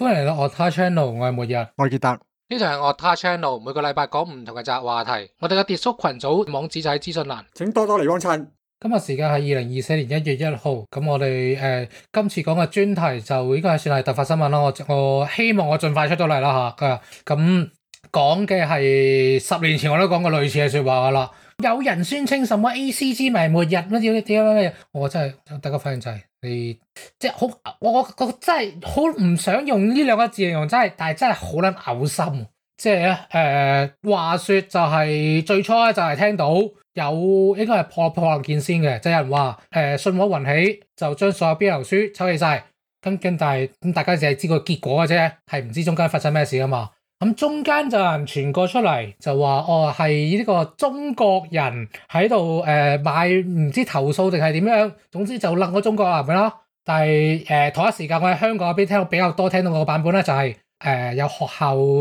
歡迎嚟到 OTA channel，我係末日，我係傑特。呢台係 OTA channel，每個禮拜講唔同嘅宅話題。我哋嘅跌叔群組網址就喺資訊欄，請多多嚟幫襯。今日時間係二零二四年一月一號，咁我哋誒、呃、今次講嘅專題就應該算係突發新聞啦。我我希望我盡快出到嚟啦吓。咁、啊嗯、講嘅係十年前我都講過類似嘅說話噶啦。有人宣稱什麼 A.C.G. 滅末日乜啲啲乜嘢？我真係，大家發現，就係、是，你即係好，我我真係好唔想用呢兩個字形容，真係，但係真係好撚嘔心。即係咧，誒、呃，話說就係、是、最初咧，就係聽到有應該係破破案件先嘅、呃，就有人話誒信和云起就將所有 BL 書抽起晒，咁但係咁大家淨係知個結果嘅啫，係唔知道中間發生咩事㗎嘛。咁中間就有人傳過出嚟，就話哦係呢個中國人喺度誒買唔知投訴定係點樣，總之就楞咗中國人咯。但係誒、呃、同一時間我喺香港嗰邊聽到比較多聽到個版本咧、就是，就係誒有學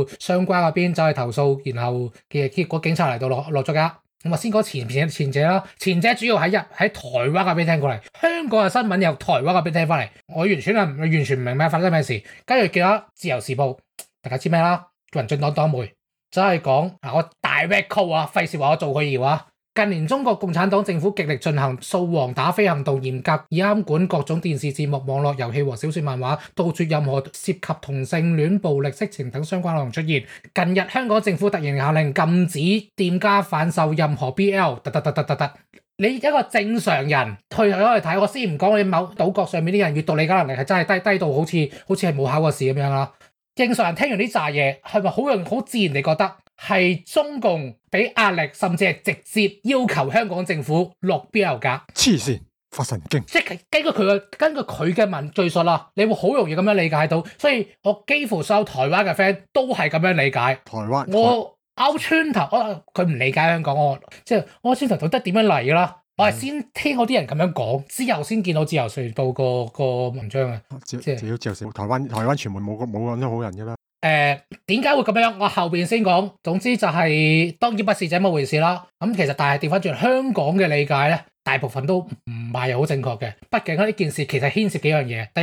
校相關嗰邊走去投訴，然後嘅結果警察嚟到落落咗架。咁啊先講前，前者前者啦，前者主要喺入喺台灣嗰邊聽過嚟，香港嘅新聞由台灣嗰邊聽翻嚟，我完全係完全唔明咩發生咩事。跟住叫到《自由時報》，大家知咩啦？民進黨黨媒真係講啊，我大 wake call 啊，費事話我做佢搖話。近年中國共產黨政府極力進行掃黃打非行動，嚴格監管各種電視節目、網絡遊戲和小說漫畫，杜絕任何涉及同性戀、暴力色情等相關內容出現。近日香港政府突然下令禁止店家販售任何 BL，突突突突突突！你一個正常人退咗去睇，我先唔講你某島國上面啲人閱讀理解能力係真係低低到好似好似係冇考過試咁樣啦。正常人聽完呢炸嘢，係咪好容好自然地覺得係中共俾壓力，甚至係直接要求香港政府落架㗎？黐線發神經！即係根據佢嘅根據佢嘅文敘述啦，你會好容易咁樣理解到。所以我幾乎所有台灣嘅 friend 都係咁樣理解。台灣我拗穿頭啊！佢唔理解香港，我即係我穿頭到底點樣嚟嘅啦。我係先聽好啲人咁樣講之後，先見到自由時報個個文章啊！即係自由台灣台灣傳媒冇冇咁多好人嘅啦。誒、呃，點解會咁樣？我後面先講。總之就係、是、當然不是這麼回事啦。咁其實但係調翻轉香港嘅理解咧，大部分都唔係好正確嘅。畢竟呢件事其實牽涉幾樣嘢。第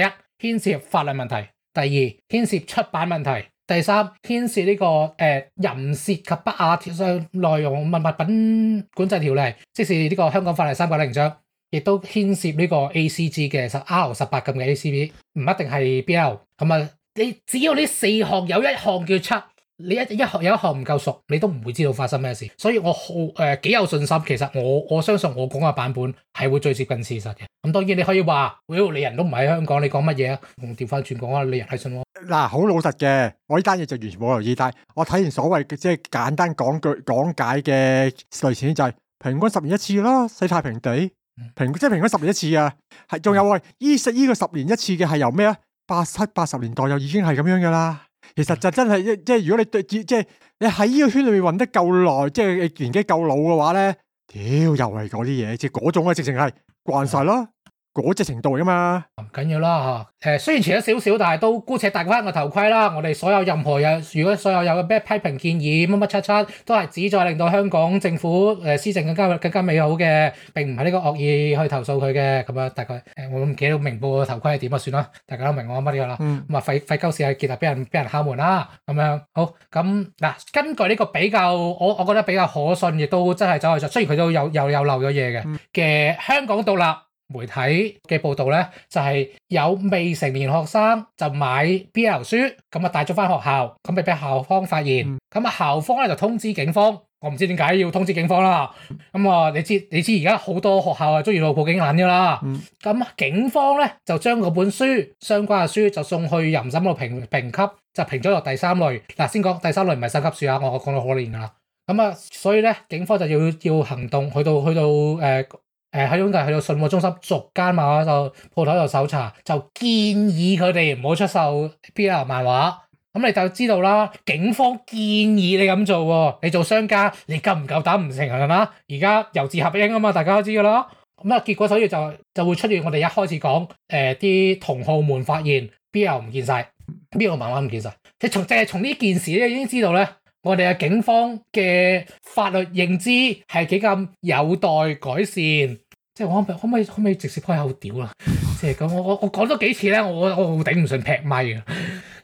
一，牽涉法律問題，第二，牽涉出版問題。第三牽涉呢、這個誒淫褻及不雅條上內容物物品管制條例，即是呢個香港法例三九零章，亦都牽涉呢個 A C G 嘅十 R 十八禁嘅 A C b 唔一定係 B L。咁啊，你只要呢四項有一項叫七，你一一項有一項唔夠熟，你都唔會知道發生咩事。所以我好誒幾、呃、有信心，其實我我相信我講嘅版本係會最接近事實嘅。咁當然你可以話，妖你人都唔喺香港，你講乜嘢啊？調翻轉講啦，你人喺信我嗱、啊，好老實嘅，我呢單嘢就完全冇留意，但係我睇完所謂嘅即係簡單講句講解嘅類似就係、是、平均十年一次咯，世太平地，平即係平均十年一次啊，係仲有喂，呢食呢個十年一次嘅係由咩啊？八七八十年代又已經係咁樣噶啦，其實就真係即係如果你對即係你喺呢個圈裏面混得夠耐，即係年紀夠老嘅話咧，屌又係嗰啲嘢，即係嗰種嘅直情係慣晒囉。嗰隻程度啊嘛，唔緊要啦嚇。誒，雖然遲咗少少，但係都姑且戴個頭盔啦。我哋所有任何嘢，如果所有有咩批評建議乜乜七七，都係旨在令到香港政府誒施政更加更加美好嘅，並唔係呢個惡意去投訴佢嘅咁樣。大概誒，我唔記得明報個頭盔係點啊，算啦。大家都明我乜嘢啦。嗯。咁啊，費費鳩事啊，見啊，俾人俾人敲門啦。咁樣好咁嗱，根據呢個比較，我我覺得比較可信，亦都真係走去做。雖然佢都有有有漏咗嘢嘅嘅香港獨立媒體嘅報道咧，就係有未成年學生就買 BL 書，咁啊帶咗返學校，咁咪俾校方發現，咁啊校方咧就通知警方，我唔知點解要通知警方啦。咁啊，你知你知而家好多學校啊，中意到報警揾噶啦。咁警方咧就將嗰本書相關嘅書就送去淫審處評評級，就評咗落第三類。嗱，先講第三類唔係三級書啊，我我講到好離線噶啦。咁啊，所以咧，警方就要要行動，去到去到誒。誒喺中大去到信和中心逐間漫畫就鋪頭度搜查，就建議佢哋唔好出售 B.L. 漫畫。咁你就知道啦，警方建議你咁做喎，你做商家你夠唔夠膽唔承認啦？而家由字合應啊嘛，大家都知噶啦。咁啊結果，所以就就會出現我哋一開始講誒啲同好們發現 B.L. 唔見晒，BL 漫畫唔見晒。即係從即係從呢件事咧已經知道咧，我哋嘅警方嘅法律認知係幾咁有待改善。即係可唔可唔可以可唔可以直接開口屌啦？即係咁，我我我講咗幾次咧，我我頂唔順劈咪。啊！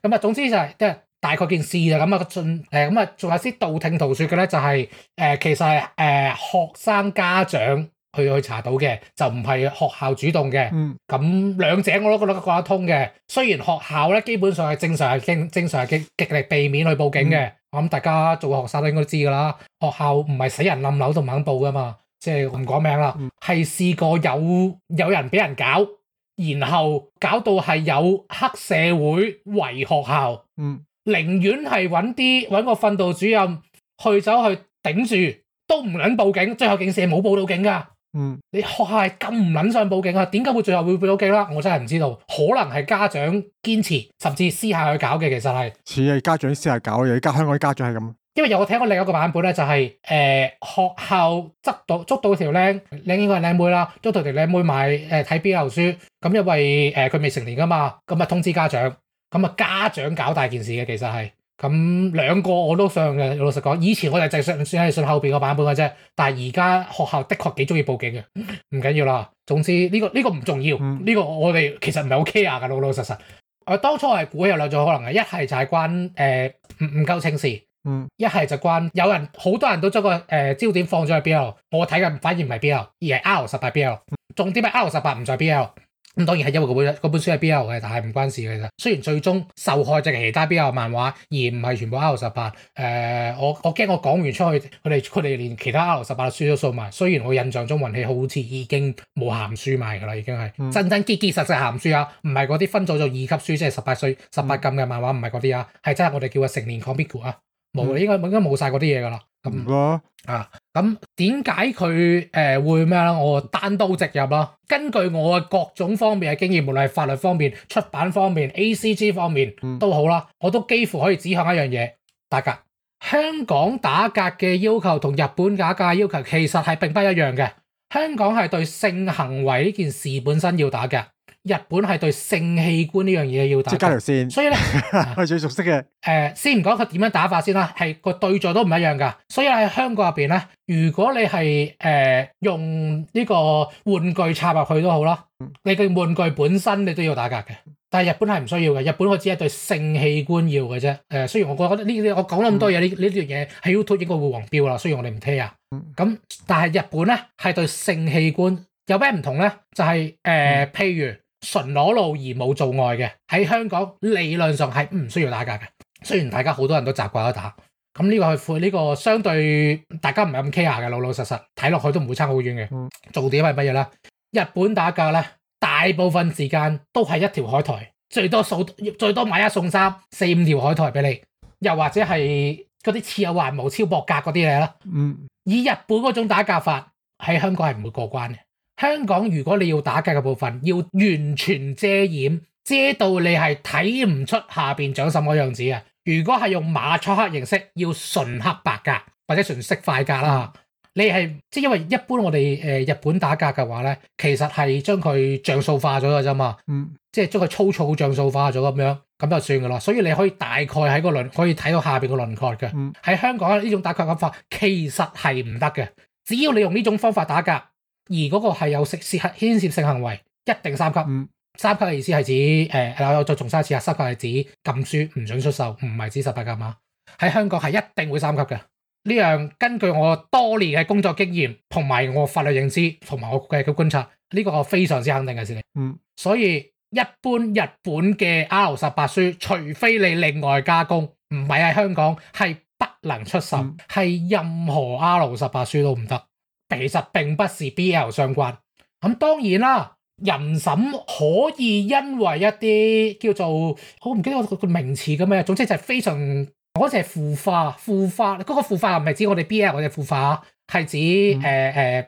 咁啊，總之就係即係大概件事就咁、是、啊。進誒咁啊，仲、呃、有啲道聽途說嘅咧、就是，就係誒其實誒、呃、學生家長去去查到嘅，就唔係學校主動嘅。嗯。咁兩者我都覺得講得通嘅。雖然學校咧基本上係正常係正正常係極極力避免去報警嘅、嗯。我諗大家做學生都應該都知㗎啦。學校唔係死人冧樓都唔肯報㗎嘛。即係唔講名啦，係、嗯、試過有有人俾人搞，然後搞到係有黑社會圍學校，嗯、寧願係揾啲揾個訓導主任去走去頂住，都唔撚報警，最後事警社冇報到警噶。你學校係咁唔撚想報警啊？點解會最後會報到警啦？我真係唔知道，可能係家長堅持，甚至私下去搞嘅，其實係似係家長私下搞，嘅，而家香港啲家長係咁。因為有我聽過另一個版本咧、就是，就係誒學校執到捉到，捉到一條僆，應該係僆妹啦，捉到一條僆妹買誒睇 BL 書，咁因為誒佢、呃、未成年噶嘛，咁咪通知家長，咁啊家長搞大件事嘅其實係，咁兩個我都信嘅，老實講，以前我就淨信淨係信後邊個版本嘅啫，但係而家學校的確幾中意報警嘅，唔緊要啦，總之呢、這個呢、這個唔重要，呢、嗯這個我哋其實唔係好 care 嘅老老實實，我、呃、當初係估有兩種可能嘅，一係就係關誒唔唔夠清事。嗯，一係就關有人好多人都將個誒焦點放咗喺 B L，我睇嘅反而唔係 B L，而係 R 十八 B L。重點係 R 十八唔再 B L，咁當然係因為嗰本嗰本書係 B L 嘅，但係唔關事嘅。其實雖然最終受害者係其他 B L 漫畫，而唔係全部 R 十八。誒，我我驚我講完出去，佢哋佢哋連其他 R 十八嘅書都數埋。雖然我印象中運氣好似已經冇咸書賣噶啦，已經係真真結結實實咸書啊，唔係嗰啲分咗做二級書，即係十八歲十八禁嘅漫畫，唔係嗰啲啊，係真係我哋叫佢成年 comic book 啊。冇，應該應該冇曬嗰啲嘢噶啦。唔該啊，咁點解佢誒會咩咧？我單刀直入啦。根據我嘅各種方面嘅經驗，無論係法律方面、出版方面、ACG 方面都好啦，我都幾乎可以指向一樣嘢，打格。香港打格嘅要求同日本打格要求其實係並不一樣嘅。香港係對性行為呢件事本身要打格嘅。日本係對性器官呢樣嘢要打架，即係加條線。所以咧， 我最熟悉嘅，誒，先唔講佢點樣打法先啦，係個對象都唔一樣噶。所以喺香港入邊咧，如果你係誒、呃、用呢個玩具插入去都好啦，嗯，你嘅玩具本身你都要打格嘅。但係日本係唔需要嘅，日本我只係對性器官要嘅啫。誒，呃，雖然我我覺得呢啲我講咁多嘢呢，呢段嘢喺 YouTube 應該會黃標啦，雖然我哋唔聽啊。咁，嗯，但係日本咧係對性器官有咩唔同咧？就係、是、誒、呃嗯，譬如。純裸露而冇做愛嘅喺香港理論上係唔需要打格嘅，雖然大家好多人都習慣咗打，咁呢個係闊，呢個相對大家唔係咁 care 嘅，老老實實睇落去都唔會差好遠嘅。做、嗯、點係乜嘢啦？日本打格咧，大部分時間都係一條海苔，最多送最多買一送三四五條海苔俾你，又或者係嗰啲似有還無超薄格嗰啲嘢啦。嗯，以日本嗰種打格法喺香港係唔會過關嘅。香港如果你要打格嘅部分，要完全遮掩，遮到你係睇唔出下邊長什麼樣子啊！如果係用馬賽克形式，要純黑白格或者純色塊格啦、嗯。你係即係因為一般我哋誒、呃、日本打格嘅話咧，其實係將佢像素化咗㗎啫嘛。嗯，即係將佢粗糙像素化咗咁樣，咁就算噶啦。所以你可以大概喺個輪可以睇到下邊個輪廓嘅。喺、嗯、香港呢種打格嘅法其實係唔得嘅，只要你用呢種方法打格。而嗰個係有涉涉牽涉性行為，一定三級。嗯，三級嘅意思係指誒、呃，我再重申一次啊，三級係指禁書，唔准出售，唔係指十八噶嘛。喺香港係一定會三級嘅呢樣。根據我多年嘅工作經驗，同埋我法律認知，同埋我嘅觀察，呢、這個我非常之肯定嘅事嚟。嗯，所以一般日本嘅 R 十八書，除非你另外加工，唔係喺香港係不能出售，係、嗯、任何 R 十八書都唔得。其實並不是 B L 相關，咁當然啦，人審可以因為一啲叫做我唔記得個個名詞咁樣，總之就係非常嗰隻、嗰個、腐化，腐化嗰、嗰個腐化唔係指我哋 B L，我哋腐化係指誒誒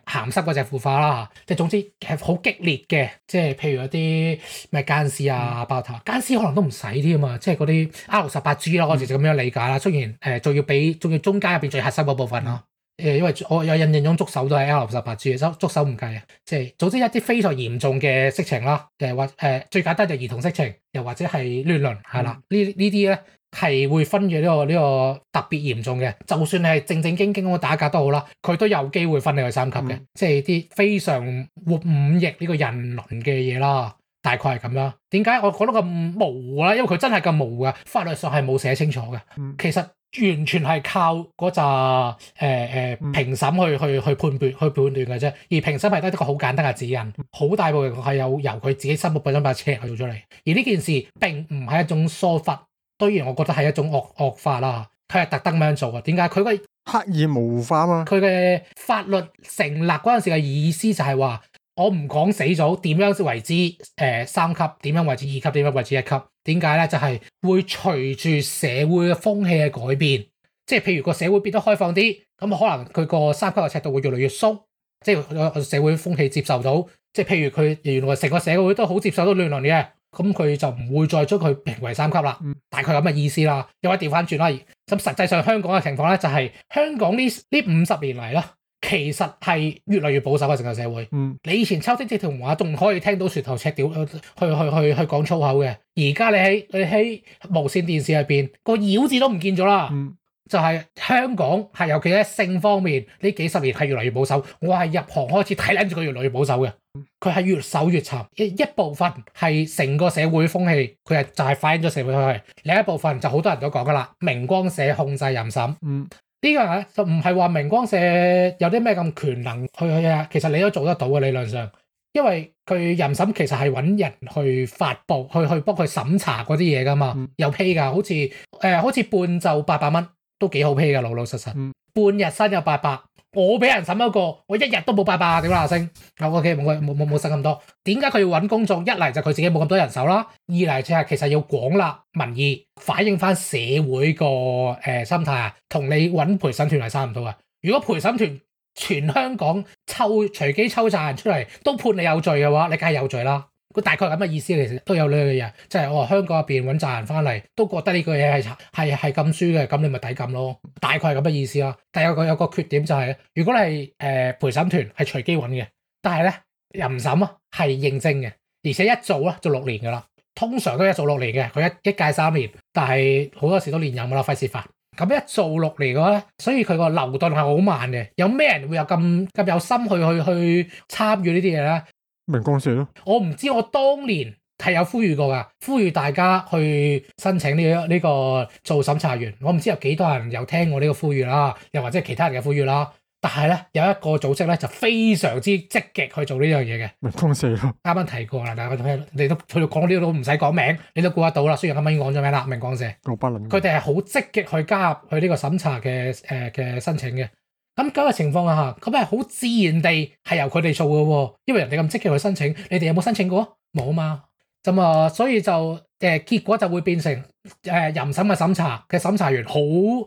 鹹濕嗰隻腐化啦，即係總之其實好激烈嘅，即係譬如一啲咩姦屍啊、爆頭姦屍可能都唔使添啊，即係嗰啲 R 十八 G 咯，我哋就咁樣理解啦。雖然誒仲要俾仲要中間入邊最核心嗰部分咯、啊。誒，因為我有印象中觸手都係 L 十八 G，觸手唔計啊，即係總之一啲非常嚴重嘅色情啦，誒或誒最簡單就兒童色情，又或者係亂倫係啦，呢呢啲咧係會分嘅呢、呢個呢、呢個特別嚴重嘅，就算係係正正經經咁打架都好啦，佢都有機會分你去三級嘅、嗯，即係啲非常活五役呢個人倫嘅嘢啦，大概係咁啦，點解我講得咁模糊咧？因為佢真係咁模糊嘅，法律上係冇寫清楚嘅，其實。完全係靠嗰扎誒誒評審去去去判斷去判斷嘅啫，而評審係得一個好簡單嘅指引，好、嗯、大部分係有由佢自己心目本身把尺去做出嚟。而呢件事並唔係一種疏忽，當然我覺得係一種惡惡法啦。佢係特登咁樣做嘅，點解佢個刻意模糊化啊？佢嘅法律成立嗰陣時嘅意思就係話。我唔講死咗點樣為之誒、呃、三級點樣為之二級點樣為之一級？點解咧？就係、是、會隨住社會嘅風氣嘅改變，即係譬如個社會變得開放啲，咁可能佢個三級嘅尺度會越嚟越鬆，即係社會風氣接受到，即係譬如佢原來成個社會都好接受到亂倫嘅，咁佢就唔會再將佢評為三級啦。大概咁嘅意思啦，又可以調翻轉啦。咁實際上香港嘅情況咧，就係香港呢呢五十年嚟啦。其實係越來越保守嘅成個社會。嗯，你以前秋天嘅童話仲可以聽到船頭尺屌，去去去去講粗口嘅。而家你喺你喺無線電視入邊個妖字都唔見咗啦。嗯，就係香港係尤其喺性方面呢幾十年係越來越保守。我係入行開始睇，諗住佢越來越保守嘅，佢係越守越沉。一一部分係成個社會風氣，佢係就係反映咗社會風氣。另一部分就好多人都講噶啦，明光社控制淫審。嗯。呢、這個咧就唔係話明光社有啲咩咁權能去去，其實你都做得到嘅，理論上，因為佢任審其實係揾人去發布，去去幫佢審查嗰啲嘢㗎嘛，有批㗎，好似、呃、好像半就八百蚊都幾好批㗎，老老實實，嗯、半日、薪有八百。我俾人審一個我一日都冇八百點啦，阿星，我 OK，冇冇冇使咁多。點解佢要揾公眾？一嚟就佢自己冇咁多人手啦，二嚟即係其實要廣納民意，反映翻社會個誒、呃、心態啊。同你揾陪審團係差唔多。如果陪審團全香港抽隨機抽曬人出嚟，都判你有罪嘅話，你梗係有罪啦。佢大概咁嘅意思，其實都有呢樣嘢，即係我話香港入面揾責人翻嚟，都覺得呢句嘢係係係咁輸嘅，咁你咪抵撳咯。大概係咁嘅意思啦。但係有個有個缺點就係、是，如果你係誒、呃、陪審團係隨機揾嘅，但係咧任審啊係認證嘅，而且一做咧就六年噶啦，通常都一做六年嘅，佢一一屆三年，但係好多時都連任啦，費事煩。咁一做六年嘅話咧，所以佢個流動係好慢嘅。有咩人會有咁咁有心去去去參與呢啲嘢咧？明光社咯，我唔知我當年係有呼籲過噶，呼籲大家去申請呢、呢個呢、呢個做審查員，我唔知有幾多人有聽我呢個呼籲啦，又或者其他人嘅呼籲啦。但係咧有一個組織咧就非常之積極去做呢樣嘢嘅。明光社咯，啱啱提過啦，但係我聽你都佢講呢個都唔使講名，你都估得到啦。雖然啱啱已經講咗名啦，明光社。佢哋係好積極去加入去呢個審查嘅誒嘅申請嘅。咁咁嘅情況下，咁係好自然地係由佢哋做嘅喎，因為人哋咁積極去申請，你哋有冇申請過？冇啊嘛，咁啊，所以就誒結果就會變成誒淫審嘅審查嘅審查員，好唔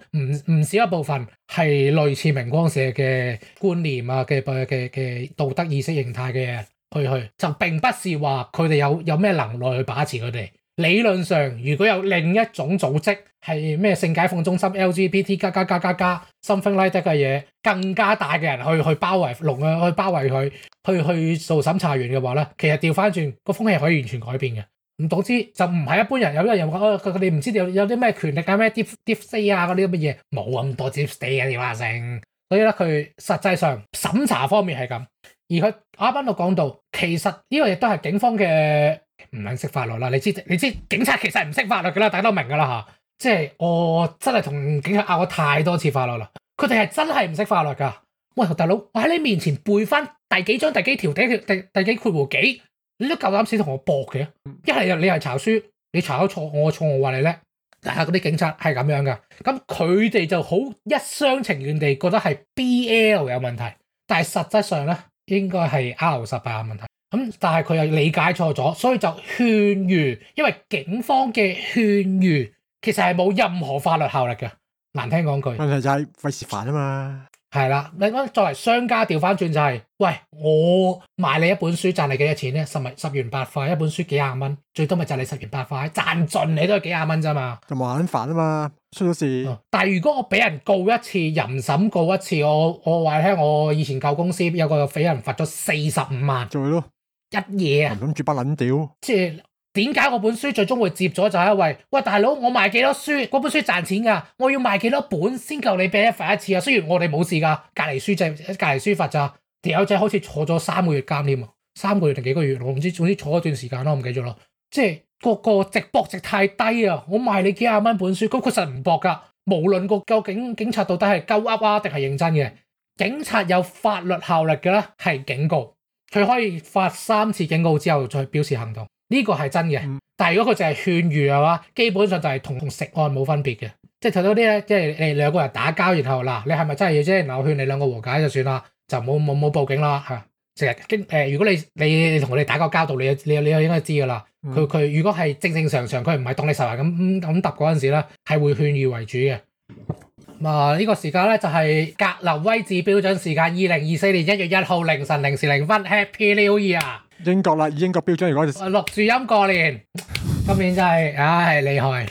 唔少一部分係類似明光社嘅觀念啊嘅嘅嘅道德意識形態嘅去去，就並不是話佢哋有有咩能耐去把持佢哋。理論上，如果有另一種組織係咩性解放中心 LGBT 加加加加加 something like 嘅嘢，更加大嘅人去去包圍龍啊，去包圍佢，去去，去做審查員嘅話咧，其實調翻轉個風氣可以完全改變嘅。唔總之就唔係一般人，有啲人又佢佢哋唔知道有有啲咩權力 deep, deep 啊咩啲啲飛啊嗰啲咁嘅嘢，冇咁多啲啊你話成。所以咧，佢實際上審查方面係咁。而佢阿賓諾講到，其實呢個亦都係警方嘅。唔肯識法律啦，你知你知警察其實唔識法律㗎啦，大家都明㗎啦吓，即係我真係同警察拗過太多次法律啦，佢哋係真係唔識法律㗎。喂，大佬，我喺你面前背翻第幾章第幾條第第第幾括弧幾，你都夠膽先同我搏嘅？一係你係查書，你查咗錯，我錯，我話你叻，嗱，嗰啲警察係咁樣㗎。咁佢哋就好一廂情願地覺得係 B.L. 有問題，但係實質上咧應該係 R 十八有問題。咁但係佢又理解錯咗，所以就勸喻。因為警方嘅勸喻其實係冇任何法律效力嘅，難聽講句。問題就係費事煩啊嘛。係啦，你講作為商家調翻轉就係、是，喂，我賣你一本書賺你幾多錢咧？十咪十元八塊，一本書幾廿蚊，最多咪就賺你十元八塊，賺盡你都係幾廿蚊咋嘛？就冇肯犯啊嘛，出咗事。嗯、但係如果我俾人告一次，淫審告一次，我我話聽，我以前舊公司有個俾人罰咗四十五萬咯。一夜啊！諗住不撚屌，即係點解我本書最終會接咗？就係因為喂大佬，我賣幾多書？嗰本書賺錢噶，我要賣幾多本先夠你俾一罰一次啊？雖然我哋冇事噶，隔離書就隔離書罰咋？條友仔好似坐咗三個月監添，三個月定幾個月，我唔知，總之坐一段時間咯，唔記得咗咯。即係個個值博值太低啊！我賣你幾廿蚊本書，咁確實唔搏噶。無論個究竟警察到底係鳩噏啊定係認真嘅，警察有法律效力嘅咧，係警告。佢可以發三次警告之後再表示行動，呢個係真嘅。但係如果佢淨係勸喻嘅話，基本上就係同同食案冇分別嘅，即係睇到啲咧，即係誒兩個人打交，然後嗱，你係咪真係要即係我勸你兩個和解就算啦，就冇冇冇報警啦嚇。成日經誒，如果你你你同我哋打個交道，你你你，又應該知㗎啦。佢佢如果係正正常常，佢唔係當你受害人咁咁揼嗰陣時咧，係會勸喻為主嘅。啊！呢個時間呢，就係格林威治標準時間二零二四年一月一號凌晨零時零分，Happy New Year！英國啦，以英國標準如果係，錄住音過年，今年真係唉厲害，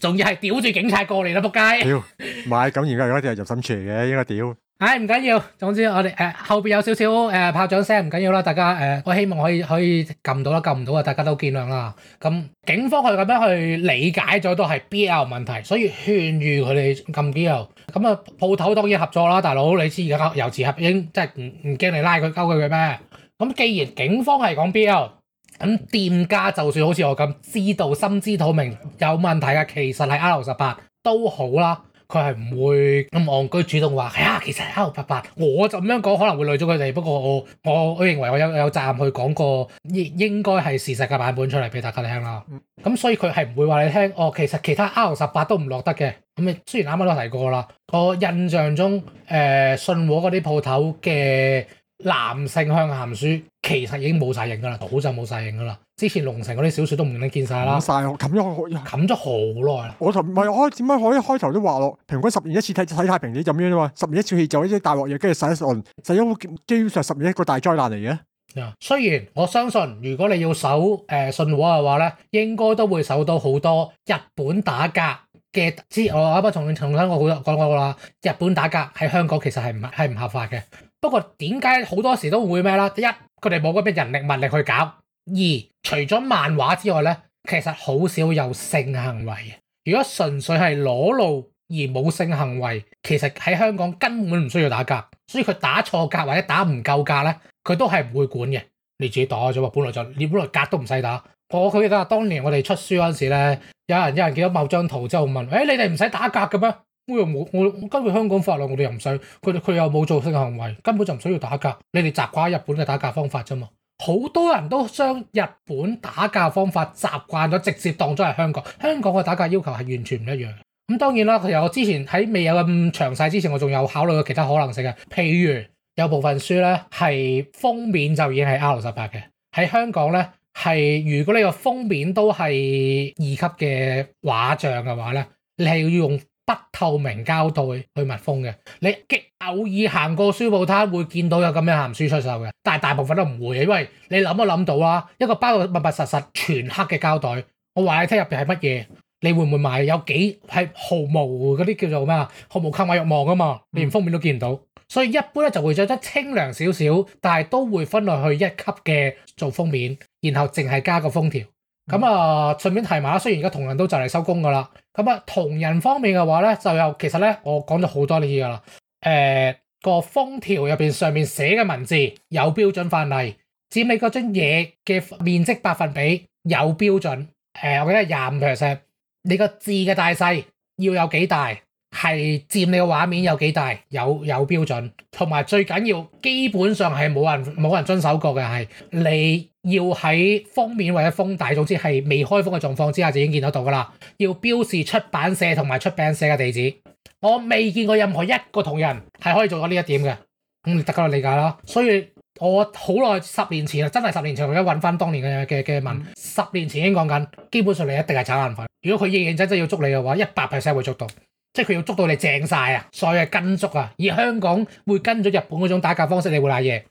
仲要係屌住警察過年啦，仆街！屌，唔係咁而家如果係入心處嘅，應該屌。唉、哎，唔緊要，總之我哋誒、呃、後邊有少少誒炮仗聲，唔緊要啦。大家誒、呃，我希望可以可以撳到啦，撳唔到啊，大家都見諒啦。咁警方佢咁樣去理解咗都係 BL 問題，所以勸喻佢哋撳 BL。咁啊，鋪頭當然合作啦，大佬，你知而家遊子合已經即係唔唔驚你拉佢交佢嘅咩？咁既然警方係講 BL，咁店家就算好似我咁知道心知肚明有問題嘅，其實係 R 十八都好啦。佢係唔會咁戇居主動話，係、哎、啊，其實 R 十八，我就咁樣講可能會累咗佢哋。不過我我我認為我有有站去講過應應該係事實嘅版本出嚟俾大家聽啦。咁所以佢係唔會話你聽，哦，其實其他 R 十八都唔落得嘅。咁你雖然啱啱都提過啦，我印象中誒、呃、信和嗰啲鋪頭嘅。男性向鹹書其實已經冇晒影噶啦，早就冇晒影噶啦。之前龍城嗰啲小說都唔見晒啦，冇晒，冚咗好，冚咗好耐啦。我同咪我點解？開一開頭都話咯，平均十年一次睇睇太平地就咁樣啊嘛，十年一次氣就嗰啲大鑊嘢，跟住洗一輪，就因為基本上十年一個大災難嚟嘅。啊、yeah，雖然我相信如果你要守誒、呃、信和嘅話咧，應該都會守到好多日本打劫嘅知我啱同重重新講過講過啦，日本打劫喺香港其實係唔係唔合法嘅。不過點解好多時都會咩啦？一佢哋冇嗰啲人力物力去搞；二除咗漫畫之外咧，其實好少有性行為。如果純粹係裸露而冇性行為，其實喺香港根本唔需要打格。所以佢打錯格或者打唔夠格咧，佢都係唔會管嘅。你自己打咗，本來就你本來格都唔使打。我記得當年我哋出書嗰陣時咧，有人有人見到某張圖之後問：誒、哎、你哋唔使打格嘅咩？我又冇我根據香港法律，我哋又唔使佢哋，佢又冇做性行為，根本就唔需要打架。你哋習慣喺日本嘅打架方法啫嘛，好多人都將日本打架方法習慣咗，直接當咗係香港。香港嘅打架要求係完全唔一樣。咁、嗯、當然啦，佢又我之前喺未有咁詳細之前，我仲有考慮過其他可能性嘅，譬如有部分書咧係封面就已經係 R 十八嘅。喺香港咧，係如果你個封面都係二級嘅畫像嘅話咧，你係要用。不透明膠袋去密封嘅，你極偶爾行過書報攤會見到有咁樣鹹書出售嘅，但係大部分都唔會啊，因為你諗一諗到啦，一個包得密密實實、全黑嘅膠袋，我話你聽入邊係乜嘢，你會唔會買？有幾係毫無嗰啲叫做咩啊？毫無購買欲望啊嘛，連封面都見唔到，嗯，所以一般咧就會着得清涼少少，但係都會分類去一級嘅做封面，然後淨係加個封條。咁、嗯、啊，順便提埋啦。雖然而家同仁都就嚟收工噶啦，咁啊，同仁方面嘅話咧，就有其實咧，我講咗好多呢啲嘢噶啦。誒、呃，個封條入面上面寫嘅文字有標準範例，佔你嗰張嘢嘅面積百分比有標準。誒、呃，我記得廿五 percent。你個字嘅大細要有幾大？係佔你個畫面有幾大，有有標準，同埋最緊要，基本上係冇人冇人遵守過嘅係，你要喺封面或者封底總之係未開封嘅狀況之下就已經見得到噶啦，要標示出版社同埋出版社嘅地址，我未見過任何一個同人係可以做到呢一點嘅，咁、嗯、得家理解咯。所以我好耐十年前真係十年前，我而家搵翻當年嘅嘅嘅文，十年前已經講緊，基本上你一定係炒硬粉，如果佢認認真真要捉你嘅話，一百 percent 會捉到。即係佢要捉到你正晒啊，所以係跟足啊。而香港會跟咗日本嗰種打架方式，你會瀨嘢；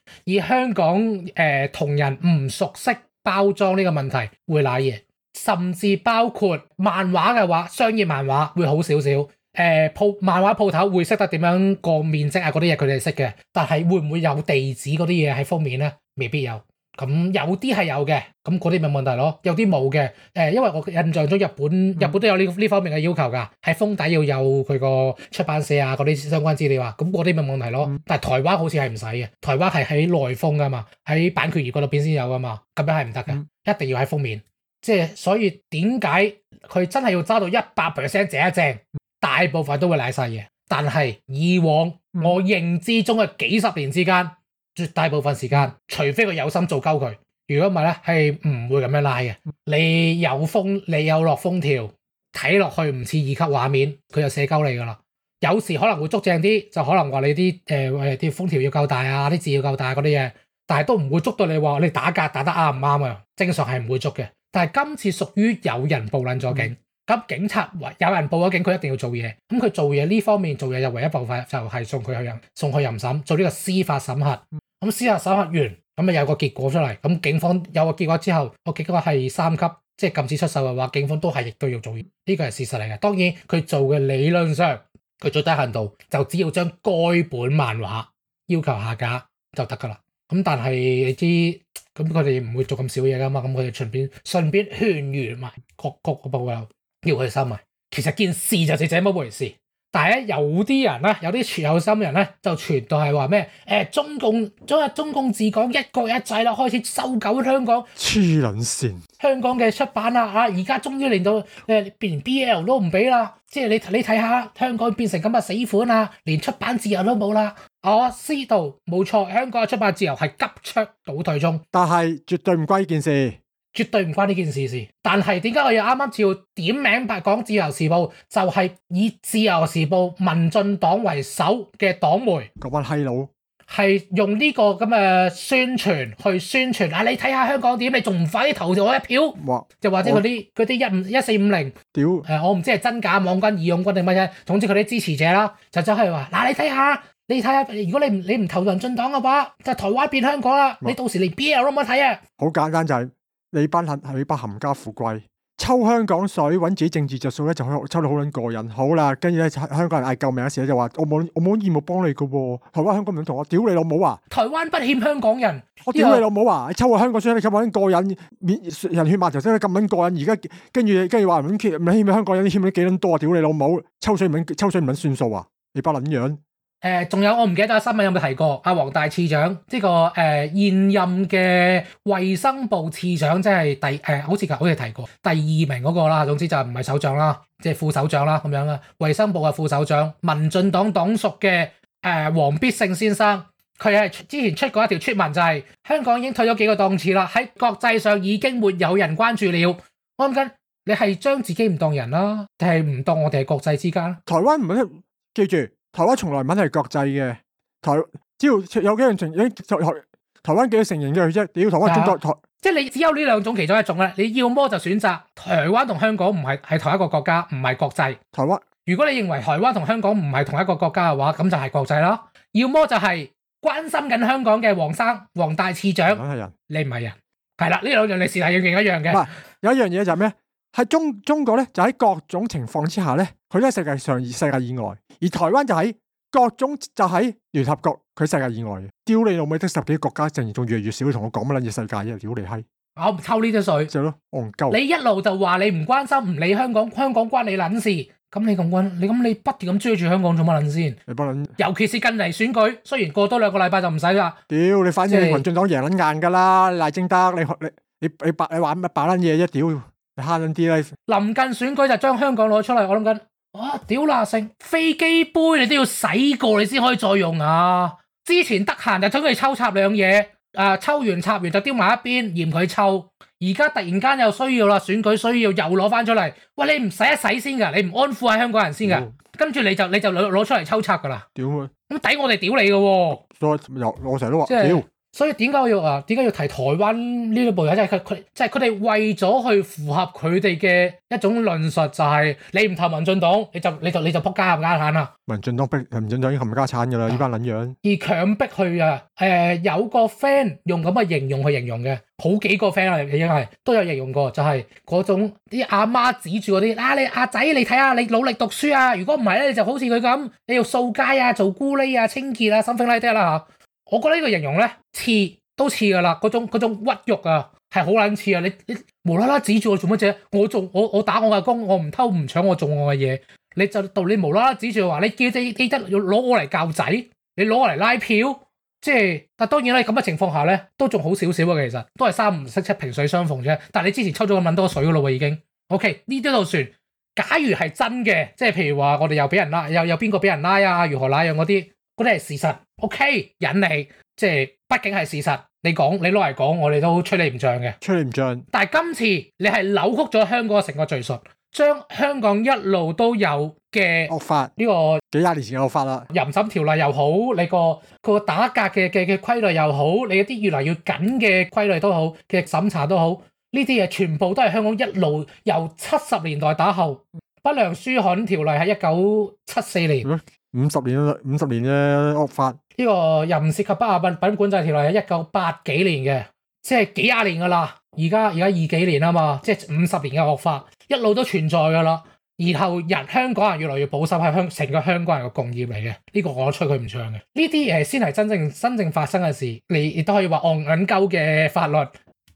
而香港誒、呃、同人唔熟悉包裝呢個問題，會瀨嘢。甚至包括漫畫嘅話，商業漫畫會好少少。誒、呃、鋪漫畫鋪頭會識得點樣個面積啊，嗰啲嘢佢哋識嘅，但係會唔會有地址嗰啲嘢喺封面咧？未必有。咁有啲係有嘅，咁嗰啲咪問題咯。有啲冇嘅，因為我印象中日本、嗯、日本都有呢呢方面嘅要求㗎，喺封底要有佢個出版社啊嗰啲相關資料啊，咁嗰啲咪問題咯、嗯。但係台灣好似係唔使嘅，台灣係喺內封㗎嘛，喺版權頁嗰度邊先有㗎嘛，咁樣係唔得㗎，一定要喺封面。即係所以點解佢真係要揸到一百 percent 正一正，大部分都會賴晒嘢。但係以往、嗯、我認知中嘅幾十年之間。絕大部分時間，除非佢有心做鳩佢，如果唔係咧，係唔會咁樣拉嘅。你有封，你有落封條，睇落去唔似二級畫面，佢就寫鳩你噶啦。有時可能會捉正啲，就可能話你啲誒誒啲封條要夠大啊，啲字要夠大嗰啲嘢，但係都唔會捉到你話你打架打得啱唔啱啊。正常係唔會捉嘅。但係今次屬於有人報撚咗警，咁、嗯、警察有人報咗警，佢一定要做嘢。咁佢做嘢呢方面做嘢又唯一部分就係送佢去淫送去淫審做呢個司法審核。咁私下審核完，咁啊有個結果出嚟，咁警方有個結果之後，個結果係三級，即係禁止出售嘅話，警方都係亦都要做，呢個係事實嚟嘅。當然佢做嘅理論上，佢最低限度就只要將該本漫畫要求下架就得噶啦。咁但係你知，咁佢哋唔會做咁少嘢噶嘛，咁佢哋順便順便勸喻埋各各個部位叫佢哋收埋。其實件事就係這麼回事。但係咧、啊，有啲人咧，有啲持有心人咧、啊，就傳到係話咩？誒、欸，中共、中、中共治港一國一制啦，開始收狗香港，黐捻線。香港嘅出版啊，啊，而家終於令到誒，連 B L 都唔俾啦，即係你你睇下，香港變成咁啊，死款啦、啊，連出版自由都冇啦。我、哦、知道，冇錯，香港嘅出版自由係急速倒退中，但係絕對唔關呢件事。絕對唔關呢件事事，但係點解我要啱啱照點名白講自由時報，就係、是、以自由時報、民進黨為首嘅黨媒嗰班閪佬，係用呢個咁嘅宣傳去宣傳嗱、啊，你睇下香港點，你仲唔快啲投咗我一票？就或者嗰啲啲一五一四五零屌誒，我唔、呃、知係真假網軍、義勇軍定乜嘢，總之佢啲支持者啦，就真係話嗱，你睇下你睇下，如果你唔你唔投民進黨嘅話，就台灣變香港啦！你到時連 BL 都冇得睇啊！好簡單就係、是。你班含你班含家富貴，抽香港水，搵自己政治著數咧，就可抽到好撚過癮。好啦，跟住咧，香港人嗌救命嘅時候，就話我冇我冇義務幫你噶。台灣香港唔同我屌你老母啊！台灣不欠香港人，我屌你老母啊！你抽個香港水，你抽到咁過癮，面人血饅頭真係咁撚過癮。而家跟住跟住話唔欠香港人，你欠你幾撚多？屌你老母，抽水唔抽水唔撚算數啊！你班捻樣？誒、呃，仲有我唔記得咗新聞有冇提過阿王、啊、大次長，即、這個誒、呃、現任嘅衛生部次長，即、就、係、是、第誒、呃，好似好似提過第二名嗰個啦。總之就唔係首長啦，即、就、係、是、副首長啦咁樣啦。衛生部嘅副首長，民進黨黨屬嘅誒王必勝先生，佢係之前出過一條出文、就是，就係香港已經退咗幾個檔次啦，喺國際上已經沒有人關注了。我諗緊你係將自己唔當人啦，定係唔當我哋係國際之間？台灣唔係，記住。台灣從來唔係國際嘅，台只要有幾樣情，台灣幾承認嘅啫。你要台灣中國、啊、台，即係你只有呢兩種其中一種啦。你要麼就選擇台灣同香港唔係係同一個國家，唔係國際。台灣如果你認為台灣同香港唔係同一個國家嘅話，咁就係國際咯。要麼就係關心緊香港嘅黃生黃大次長，係人，你唔係人，係啦，呢兩樣你事係要認一樣嘅、啊。有一樣嘢，就係咩？喺中中國咧，就喺各種情況之下咧，佢都係世界上世界以外；而台灣就喺各種就喺聯合國，佢世界以外。屌你老味的十幾個國家，竟然仲越嚟越少同我講乜撚嘢世界嘅，屌你閪！我唔抽呢隻水就係咯，憨鳩！你一路就話你唔關心，唔理香港，香港關你撚事。咁你咁關，你咁你不斷咁追住香港做乜撚先？你做乜撚？尤其是近嚟選舉，雖然過多兩個禮拜就唔使啦。屌你，反正民進黨贏撚硬㗎啦，賴政德，你你你你白你玩乜白撚嘢啫，屌！臨近選舉就將香港攞出嚟，我諗緊。所以點解我要啊？點解要提台灣呢部嘢？即係佢佢即係佢哋為咗去符合佢哋嘅一種論述、就是，就係你唔投民進黨，你就你就你就仆街冚家產啊！民進黨逼，民進黨已經冚家產噶啦，依班撚樣。而強迫佢啊！誒、呃、有個 friend 用咁嘅形容去形容嘅，好幾個 friend 啊，已經係都有形容過，就係、是、嗰種啲阿媽指住嗰啲啊，你阿、啊、仔你睇下，你努力讀書啊！如果唔係咧，你就好似佢咁，你要掃街啊，做咕喱啊，清潔啊，something like that 啦、啊、嚇。我覺得呢個形容咧似都似噶啦，嗰種嗰種屈辱啊係好撚似啊！你你無啦啦指住我，我做乜啫？我做我我打我嘅工，我唔偷唔搶我做我嘅嘢，你就到你無啦啦指住我話你基基記得，要攞我嚟教仔，你攞我嚟拉票，即係但當然啦，咁嘅情況下咧都仲好少少啊，其實都係三唔識七萍水相逢啫。但係你之前抽咗咁多水噶啦喎已經，OK 呢啲都算。假如係真嘅，即係譬如話我哋又俾人拉，又有邊個俾人拉啊？又又又如何拉樣嗰啲？嗰啲係事實，OK，引嚟，即係畢竟係事實。你講，你攞嚟講，我哋都吹你唔漲嘅。吹你唔漲。但係今次你係扭曲咗香港成個敘述，將香港一路都有嘅惡法呢個幾廿年前嘅惡法啦，淫審條例又好，你個個打格嘅嘅嘅規律又好，你啲越嚟越緊嘅規律都好，嘅審查都好，呢啲嘢全部都係香港一路由七十年代打後不良書刊條例喺一九七四年。嗯五十年，五十年嘅惡法呢、這個又唔涉及《不雅物品管制條例》，係一九八幾年嘅，即係幾廿年噶啦。而家而家二幾年啊嘛，即係五十年嘅惡法，一路都存在噶啦。然後人香港人越來越保守，係香成個香港人嘅共業嚟嘅。呢、這個我吹佢唔唱嘅。呢啲誒先係真正真正發生嘅事，你亦都可以話按緊舊嘅法律，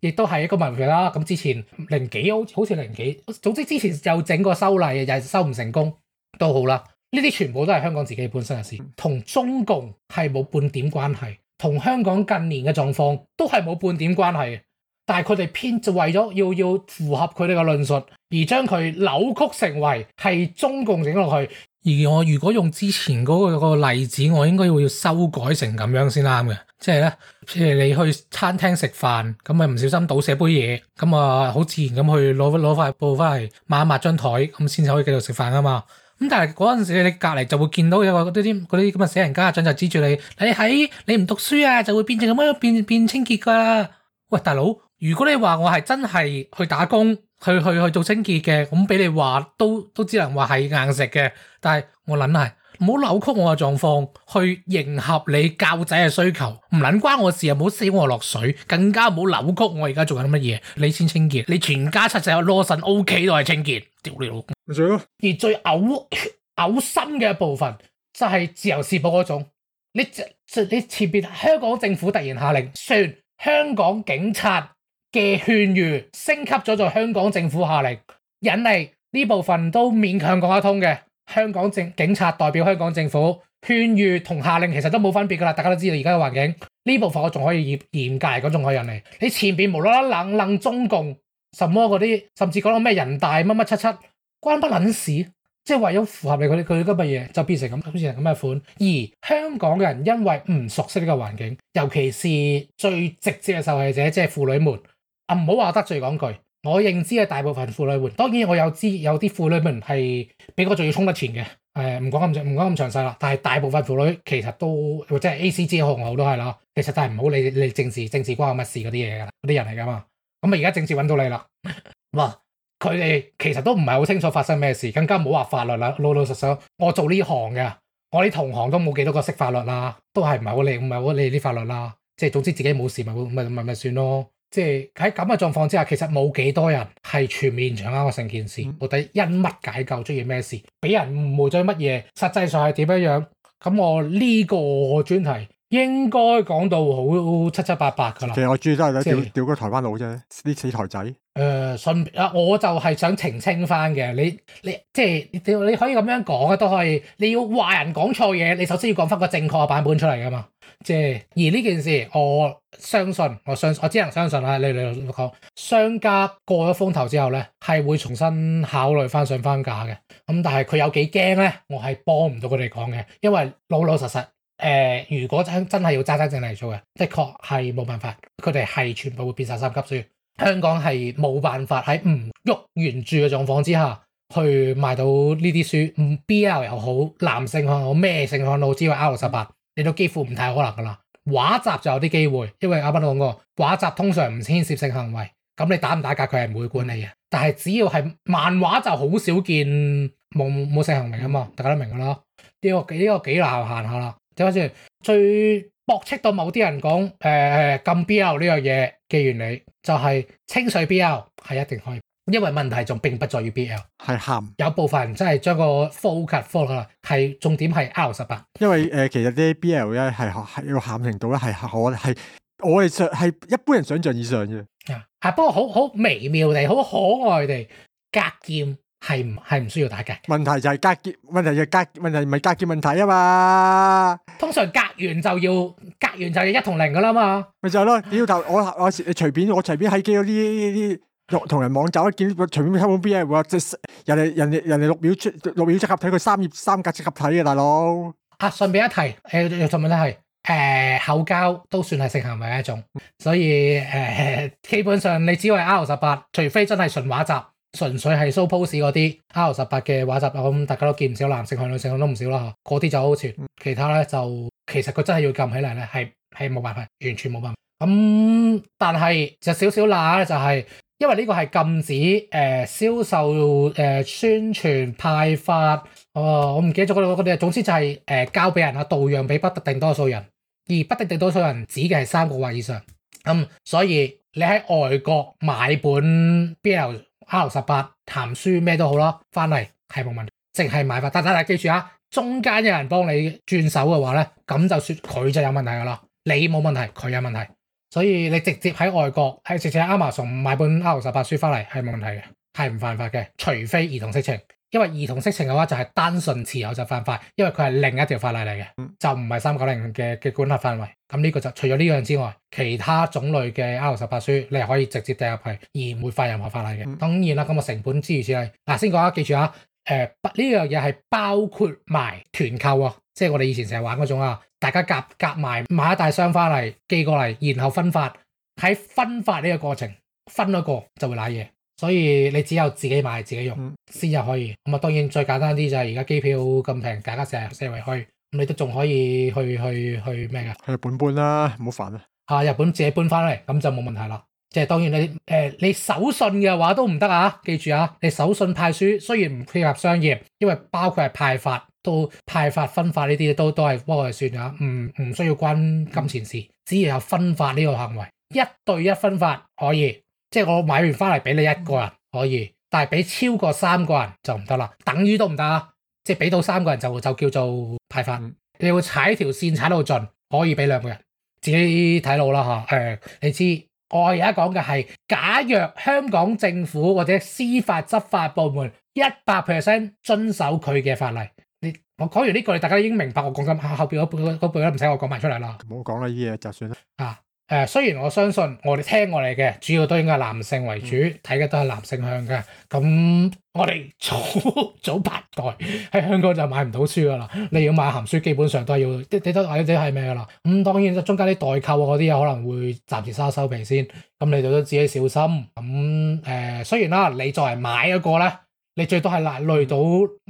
亦都係一個問題啦。咁之前零幾好似好似零幾，總之之前就整個修例又係修唔成功，都好啦。呢啲全部都係香港自己本身嘅事，同中共係冇半點關係，同香港近年嘅狀況都係冇半點關係。但係佢哋偏就為咗要要符合佢哋嘅論述，而將佢扭曲成為係中共整落去。而我如果用之前嗰個嗰個例子，我應該會要修改成咁樣先啱嘅。即係咧，譬如你去餐廳食飯，咁咪唔小心倒瀉杯嘢，咁啊好自然咁去攞攞塊布翻嚟抹一抹張台，咁先至可以繼續食飯啊嘛。咁但係嗰陣時，你隔離就會見到有個啲啲嗰啲咁嘅死人家長就指住你：你喺你唔讀書啊，就會變成咁樣變變清潔噶喇。喂，大佬，如果你話我係真係去打工，去去去做清潔嘅，咁俾你話都都只能話係硬食嘅。但係我諗係，唔好扭曲我嘅狀況，去迎合你教仔嘅需求，唔撚關我事又唔好死我落水，更加唔好扭曲我而家做緊乜嘢。你先清潔，你全家七世羅生 O K 都係清潔，屌你老。而最嘔嘔心嘅一部分就係、是、自由時報嗰種，你你前邊香港政府突然下令，說香港警察嘅勸喻，升級咗做香港政府下令引嚟，呢部分都勉強講得通嘅。香港政警察代表香港政府勸喻同下令其實都冇分別噶啦，大家都知道而家嘅環境，呢部分我仲可以嚴嚴戒嗰種可以引嚟。你前邊無啦啦冷冷中共什麼嗰啲，甚至講到咩人大乜乜七七。關不撚事，即係為咗符合你佢佢咁嘅嘢，就變成咁，變成咁嘅款。而香港嘅人因為唔熟悉呢個環境，尤其是最直接嘅受害者，即係腐女們啊，唔好話得罪講句，我認知係大部分腐女們，當然我有知有啲腐女們係俾我仲要充得錢嘅，誒唔講咁唔講咁詳細啦。但係大部分腐女其實都即係 ACG 之好好都係啦，其實就係唔好理你政治政治關我乜事嗰啲嘢噶，嗰啲人嚟噶嘛。咁啊而家政治揾到你啦，哇！佢哋其實都唔係好清楚發生咩事，更加冇話法律啦。老老實實，我做呢行嘅，我啲同行都冇幾多個識法律啦，都係唔係好理唔係好理啲法律啦。即係總之自己冇事咪咪咪咪算咯。即係喺咁嘅狀況之下，其實冇幾多人係全面掌握成件事到底、嗯、因乜解救出現咩事，俾人誤會咗乜嘢，實際上係點樣樣。咁我呢個專題。應該講到好七七八八噶啦其實我主要都係屌屌嗰台灣佬啫，啲死台仔。誒、呃，順啊，我就係想澄清翻嘅，你你即係你可以咁樣講都可以。你要話人講錯嘢，你首先要講翻個正確嘅版本出嚟噶嘛。即係而呢件事，我相信，我相信我只能相信啦。你你講商家過咗風頭之後咧，係會重新考慮翻上翻價嘅。咁、嗯、但係佢有幾驚咧？我係幫唔到佢哋講嘅，因為老老實實。誒，如果真係要揸揸正嚟做嘅，的確係冇辦法，佢哋係全部會變晒三級書。香港係冇辦法喺唔喐原著嘅狀況之下，去賣到呢啲書。唔 BL 又好，男性向好，咩性向好之位 R 十八，你都幾乎唔太可能噶啦。畫集就有啲機會，因為阿斌都講過，畫集通常唔牽涉性行為，咁你打唔打格佢係唔會管你嘅。但係只要係漫畫，就好少見冇冇性行為啊嘛，大家都明噶啦。呢、這個幾、這個幾幾行下啦。先，最駁斥到某啲人講誒、呃、禁 B L 呢樣嘢嘅原理，就係清水 B L 係一定可以，因為問題仲並不在於 B L 係鹹。有部分人真係將個 focus focus 係重點係 R18，因為誒、呃、其實啲 B L 咧係係要鹹程度咧係我係我想係一般人想象以上嘅啊，係不過好好微妙地，好可愛地格劍。係唔係唔需要打嘅？問題就係隔結，問題就隔問題唔係隔結問題啊嘛。通常隔完就要隔完就要一同零噶啦嘛。咪就係咯，你要求我我時你隨便我隨便喺機嗰啲同人網站咧，見隨便抽到邊嘢，話即係人哋人哋人哋六秒出六秒即合體佢三頁三格即合體嘅大佬。啊，順便一提，誒，順便一提，誒，口交都算係性行為一種，所以誒，基本上你只要係 R 十八，除非真係純畫集。純粹係 suppose 嗰啲 R18 嘅畫集，咁大家都見唔少男性同女性都唔少啦吓，嗰啲就好似，其他咧就其實佢真係要禁起嚟咧，係係冇辦法，完全冇辦法。咁、嗯、但係就少少啦咧，就係因為呢個係禁止誒、呃、銷售誒、呃、宣傳派發，哦我唔記得咗嗰個嗰啲總之就係、是、誒、呃、交俾人啊度讓俾不特定多數人，而不特定多數人指嘅係三個位以上。咁、嗯、所以你喺外國買本 BL R 十八談書咩都好咯，返嚟係冇問題嘅，淨係買法。但但係記住啊，中間有人幫你轉手嘅話呢，咁就説佢就有問題㗎啦，你冇問題，佢有問題。所以你直接喺外國，喺直接喺 Amazon 買本 R 十八書返嚟係冇問題嘅，係唔犯法嘅，除非兒童色情。因為兒童色情嘅話就係單純持有就犯法，因為佢係另一條法例嚟嘅，就唔係三九零嘅嘅管轄範圍。咁呢個就除咗呢樣之外，其他種類嘅 R 十八書你係可以直接掟入去，而唔會犯任何法例嘅。當然啦，咁個成本之如此例嗱，先講下，記住啊，誒、呃，呢樣嘢係包括埋團購啊，即係我哋以前成日玩嗰種啊，大家夾夾埋買一大箱翻嚟，寄過嚟，然後分發喺分發呢個過程分咗個就會瀨嘢。所以你只有自己買自己用先就可以，嗯，咁啊當然最簡單啲就係而家機票咁平，大家成日四圍去，咁你都仲可以去去去咩㗎？去，去日本搬啦、啊，唔好煩啊！嚇，日本自己搬翻嚟，咁就冇問題啦。即係當然你誒、呃、你手信嘅話都唔得啊！記住啊，你手信派書雖然唔配合商業，因為包括係派發都派發分發呢啲都都係幫我哋算啊，唔唔需要關金錢事，只要有分發呢個行為，一對一分發可以。即係我買完翻嚟俾你一個人可以，但係俾超過三個人就唔得啦。等於都唔得，即係俾到三個人就就叫做派發。你要踩條線踩到盡，可以俾兩個人，自己睇路啦嚇。誒、嗯，你知我而家講嘅係，假若香港政府或者司法執法部門一百 percent 遵守佢嘅法例，你我講完呢句，大家已經明白我講緊後後邊嗰嗰嗰部分唔使我講埋出嚟啦。唔好講啦，呢嘢就算啦。啊！誒，雖然我相信我哋聽我哋嘅，主要都應該係男性為主，睇、嗯、嘅都係男性向嘅。咁、嗯、我哋早早八代喺香港就買唔到書㗎喇。你要買鹹書，基本上都係要，即係都係啲係咩㗎喇？咁當然中間啲代購嗰啲啊，可能會暫時收一收皮先。咁你都自己小心。咁誒、呃，雖然啦，你作為買嗰個呢，你最多係累累到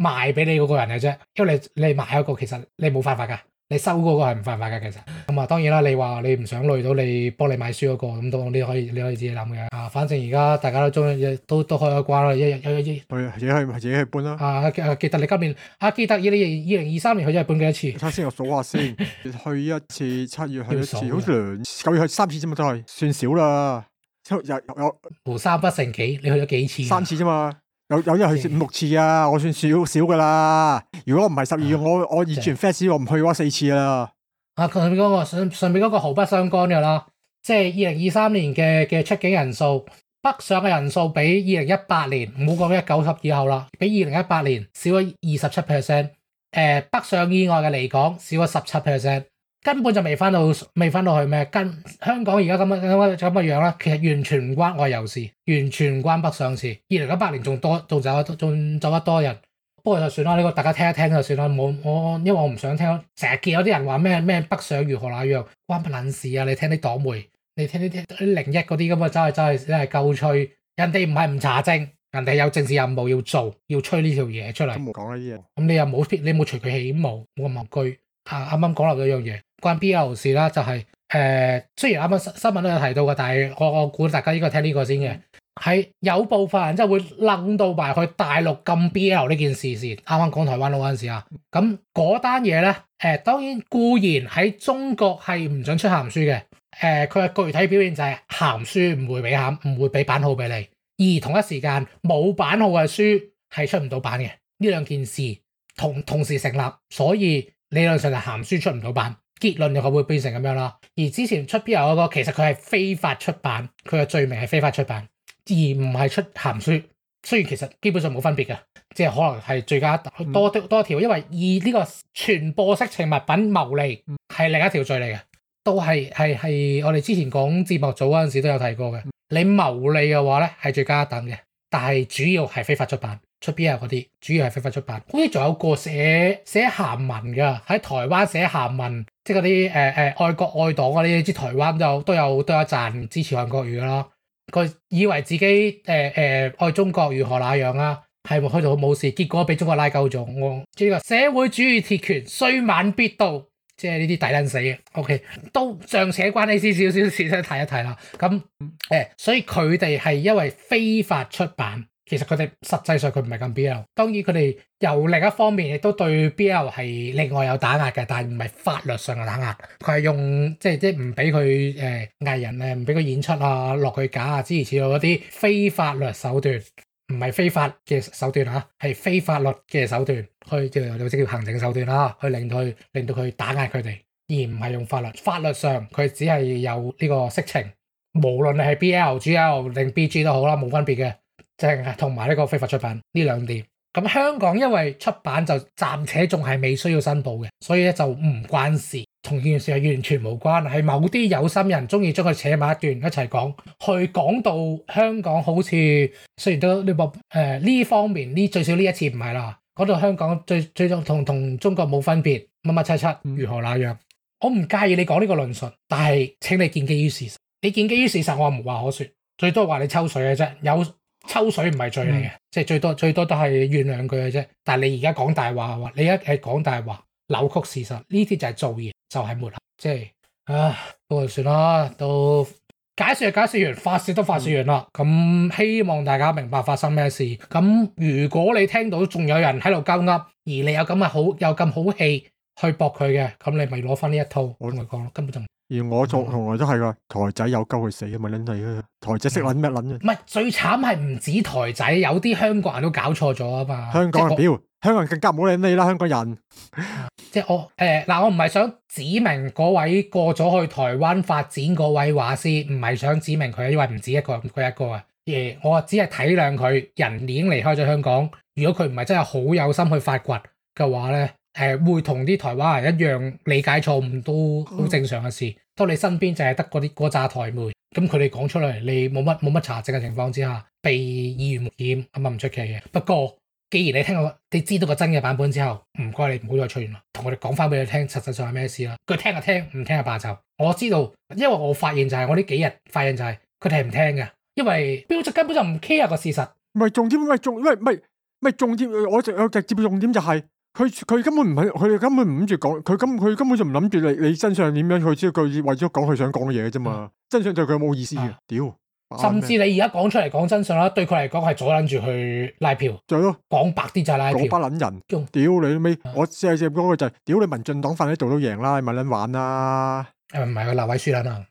賣俾你嗰個人嘅啫。因為你你買嗰個，其實你冇犯法㗎。你收嗰個係唔犯法嘅，其實。咁、嗯、啊，當然啦，你話你唔想累到你幫你買書嗰、那個，咁都你可以你可以自己諗嘅。啊，反正而家大家都中意，都都開開關啦，一日有一日。去，己去，自己去日本啦。啊，記得你今年嚇、啊、記得你二零二三年去咗日本幾多次？看看我先數下先。 去一次，七月去一次，好似兩九月去三次啫嘛，都係算少啦。七日有。有，無三不成幾？你去咗幾次？三次啫嘛。有有人去五六次啊，我算少少噶啦。如果唔係十二月，我我完全 fast 我唔去咗四次啦。啊、那個，上面嗰個毫不相干嘅啦，即係二零二三年嘅嘅出境人數，北上嘅人數比二零一八年，唔好講一九十以後啦，比二零一八年少咗二十七 percent。誒，北上以外嘅嚟講少咗十七 percent。根本就未翻到，未翻到去咩？跟香港而家咁嘅咁嘅咁嘅樣啦，其實完全唔關外遊事，完全唔關北上事。二零一八年仲多，仲走仲走得多人。不過就算啦，呢個大家聽一聽就算啦。冇我因為我唔想聽，成日見有啲人話咩咩北上如何那樣，關不撚事啊？你聽啲黨媒，你聽啲啲零一嗰啲咁嘅走去走去，走去真係夠吹。人哋唔係唔查證，人哋有政治任務要做，要吹呢條嘢出嚟。咁唔講呢啲嘢。咁你又冇，你冇隨佢起舞，冇咁戇居。啊啱啱講漏咗一樣嘢。關 B L 事啦，就係、是、誒、呃，雖然啱啱新新聞都有提到嘅，但係我我估大家應該聽呢個先嘅，係有部分人即係會愣到埋去大陸禁 B L 呢件事先。啱啱講台灣佬嗰陣時啊，咁嗰單嘢咧誒，當然固然喺中國係唔準出鹹書嘅，誒佢話具體表現就係、是、鹹書唔會俾鹹，唔會俾版號俾你。而同一時間冇版號嘅書係出唔到版嘅，呢兩件事同同時成立，所以理論上就鹹書出唔到版。結論又會變成咁樣啦，而之前出邊有個其實佢係非法出版，佢嘅罪名係非法出版，而唔係出鹹書，雖然其實基本上冇分別嘅，即係可能係罪加多多，多一條，因為以呢個傳播色情物品牟利係另一條罪嚟嘅，都係係係我哋之前講字幕組嗰陣時候都有提過嘅，你牟利嘅話咧係罪加一等嘅，但係主要係非法出版。出邊啊？嗰啲主要係非法出版，好似仲有個寫寫鹹文嘅喺台灣寫鹹文，即嗰啲誒誒愛國愛黨啲呢啲台灣有都有都有賺，支持韓國瑜㗎啦佢以為自己誒誒、呃、愛中國如何那樣啊，係咪佢好冇事？結果俾中國拉鳩咗。我知啦，社會主義鐵拳雖晚必到，即 OK，係呢啲抵撚死嘅。O K，都尚且關呢啲少少事，睇一睇啦。咁、呃、誒，所以佢哋係因為非法出版。其實佢哋實際上佢唔係咁 BL，當然佢哋由另一方面亦都對 BL 係另外有打壓嘅，但係唔係法律上嘅打壓，佢係用即係即係唔俾佢誒藝人誒唔俾佢演出啊，落佢架啊，之如此類嗰啲非法律手段，唔係非法嘅手段吓、啊，係非法律嘅手段去叫做即叫行政手段啦、啊，去令到令到佢打壓佢哋，而唔係用法律。法律上佢只係有呢個色情，無論係 BL、GL 定 BG 都好啦，冇分別嘅。淨係同埋呢個非法出版呢兩點，咁、嗯、香港因為出版就暫且仲係未需要申報嘅，所以咧就唔關事，同件事係完全無關，係某啲有心人中意將佢扯埋一段一齊講，去講到香港好似雖然都呢部誒呢方面呢最少呢一次唔係啦，講到香港最最終同同中國冇分別，乜乜七七如何那樣，我唔介意你講呢個論述，但係請你建基於事實，你建基於事實我無話可說，最多話你抽水嘅啫，有。抽水唔係罪嚟嘅、嗯，即係最多最多都係怨兩句嘅啫。但係你而家講大話，話你一係講大話、扭曲事實呢啲就係造業就係、是、沒，即係啊，都算啦。都解釋又解釋完，發泄都發泄完啦。咁、嗯、希望大家明白發生咩事。咁如果你聽到仲有人喺度鳩噏，而你有咁嘅好有咁好氣去駁佢嘅，咁你咪攞翻呢一套。我同佢講咯，根本就。而我從從來都係㗎，台仔有鳩去死啊！咪撚係台仔識撚咩撚啫？唔、嗯、係最慘係唔止台仔，有啲香港人都搞錯咗啊嘛！香港人表，香港人更加唔好撚你啦！香港人， 即係我誒嗱、呃，我唔係想指明嗰位過咗去台灣發展嗰位畫師，唔係想指明佢，因為唔止一個，佢一個啊。而、呃、我只係體諒佢，人已經離開咗香港，如果佢唔係真係好有心去發掘嘅話咧，誒、呃、會同啲台灣人一樣理解錯誤都好正常嘅事。啊。當你身邊就係得嗰啲嗰個炸台妹，咁佢哋講出嚟，你冇乜冇乜查證嘅情況之下，被議員唔檢，咁啊唔出奇嘅。不過既然你聽到，你知道個真嘅版本之後，唔該你唔好再出現啦。同我哋講翻俾你聽，實際上係咩事啦？佢聽就聽，唔聽就罷就。我知道，因為我發現就係、是、我呢幾日發現就係、是，佢哋係唔聽嘅，因為標準根本就唔 care 個事實。唔係重點，唔係重，唔唔係唔係重點。我直我直接嘅重點就係、是。佢佢根本唔係，佢根本唔諗住講，佢根佢根本就唔諗住你你真相點樣去知道，佢為咗講佢想講嘅嘢啫嘛。真相對佢冇意思啊！屌，甚至你而家講出嚟講真相啦，對佢嚟講係阻捻住去拉票，對咯。講白啲就係拉票，不捻人。屌你尾、啊，我即係接嗰個就係、是，屌你民進黨犯喺做都贏啦，你咪捻玩啦。誒唔係啊，立委輸啦嘛。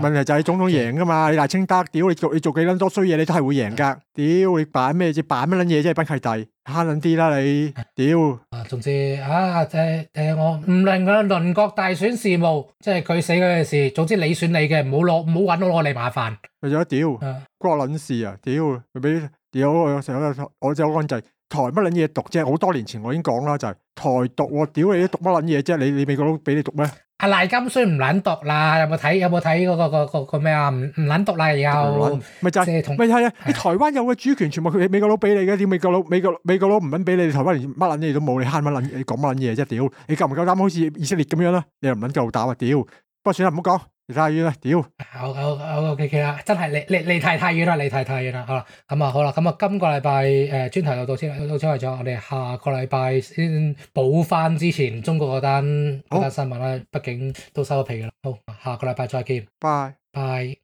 問題就係你總統贏噶嘛，你賴清德，屌你做你做幾捻多衰嘢，你都係會贏噶，屌你扮咩啫，扮乜捻嘢啫，班契弟慳捻啲啦你，屌，總之啊，誒誒我唔論佢鄰國大選事務，即係佢死佢嘅事，總之你選你嘅，唔好落唔好搵我嚟麻煩，又咗屌，國捻事啊，屌，咪俾屌我成日我即係我安靜。台乜捻嘢讀啫？好多年前我已經講啦，就係、是、台獨，我屌你都讀乜捻嘢啫？你你美國佬俾你讀咩？阿賴金雖然唔捻讀啦，有冇睇有冇睇嗰個、那個、那個咩啊？唔唔捻讀啦又，咪就係、是，咪係啊？你、就是嗯、台灣有嘅主權全部佢美國佬俾你嘅，點美國佬美國美國佬唔捻俾你？台灣連乜捻嘢都冇，你慳乜捻？你講乜捻嘢啫？屌，你夠唔夠膽好似以色列咁樣啦？你又唔捻夠膽啊？屌，不過算啦，唔好講。你太遠啦，屌！我我我我，我，我，真係，離離離。題太遠太遠啦，離太太遠啦，好啦，咁啊好啦，咁啊今個禮拜誒專題就到此到此為止，我哋下個禮拜先補返之前中國嗰單嗰單新聞啦，畢、哦、竟都收咗皮啦。好，下個禮拜再見。拜拜。